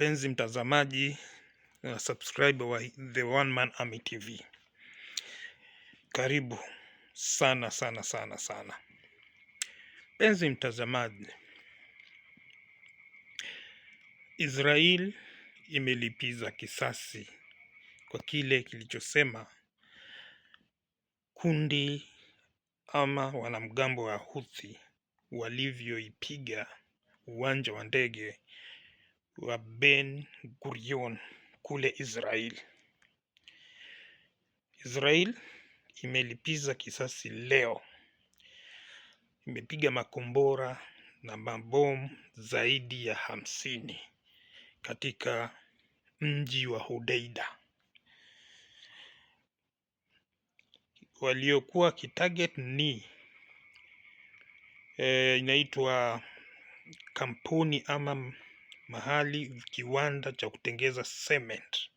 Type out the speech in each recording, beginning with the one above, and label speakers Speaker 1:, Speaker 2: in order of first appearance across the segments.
Speaker 1: mpenzi mtazamaji na subscriber wa The One Man Army TV, karibu sana sana sana sana. Mpenzi mtazamaji, Israel imelipiza kisasi kwa kile kilichosema kundi ama wanamgambo wa Houthi walivyoipiga uwanja wa ndege wa Ben Gurion kule Israel. Israel imelipiza kisasi leo, imepiga makombora na mabomu zaidi ya hamsini katika mji wa Hodeida. Waliokuwa kitarget ni e, inaitwa kampuni ama mahali kiwanda cha kutengeza cement.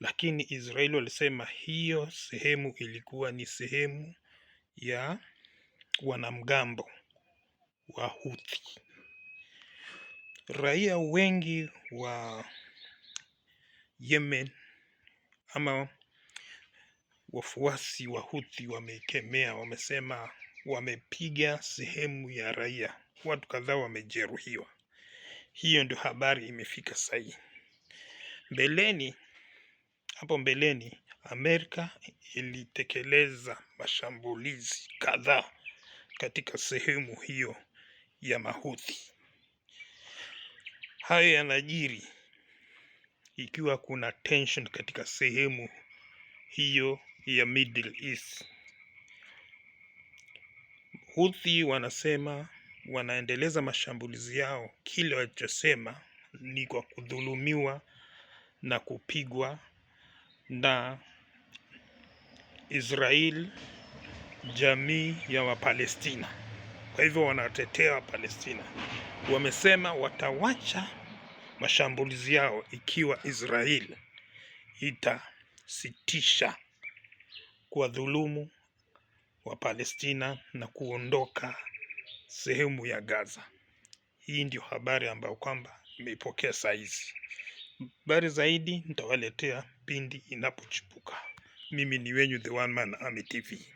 Speaker 1: Lakini Israeli walisema hiyo sehemu ilikuwa ni sehemu ya wanamgambo wa Houthi. Raia wengi wa Yemen ama wafuasi wa Houthi wamekemea, wamesema wamepiga sehemu ya raia, watu kadhaa wamejeruhiwa. Hiyo ndio habari imefika sahii. Mbeleni, hapo mbeleni, Amerika ilitekeleza mashambulizi kadhaa katika sehemu hiyo ya Mahuthi. Hayo yanajiri ikiwa kuna tension katika sehemu hiyo ya Middle East. Houthi wanasema wanaendeleza mashambulizi yao, kile walichosema ni kwa kudhulumiwa na kupigwa na Israel jamii ya Wapalestina. Kwa hivyo wanatetea Wapalestina, wamesema watawacha mashambulizi yao ikiwa Israel itasitisha kuwadhulumu Wapalestina na kuondoka sehemu ya Gaza. Hii ndio habari ambayo kwamba nimeipokea saa hizi. Habari zaidi nitawaletea pindi inapochipuka. Mimi ni wenyu The One Man Army TV.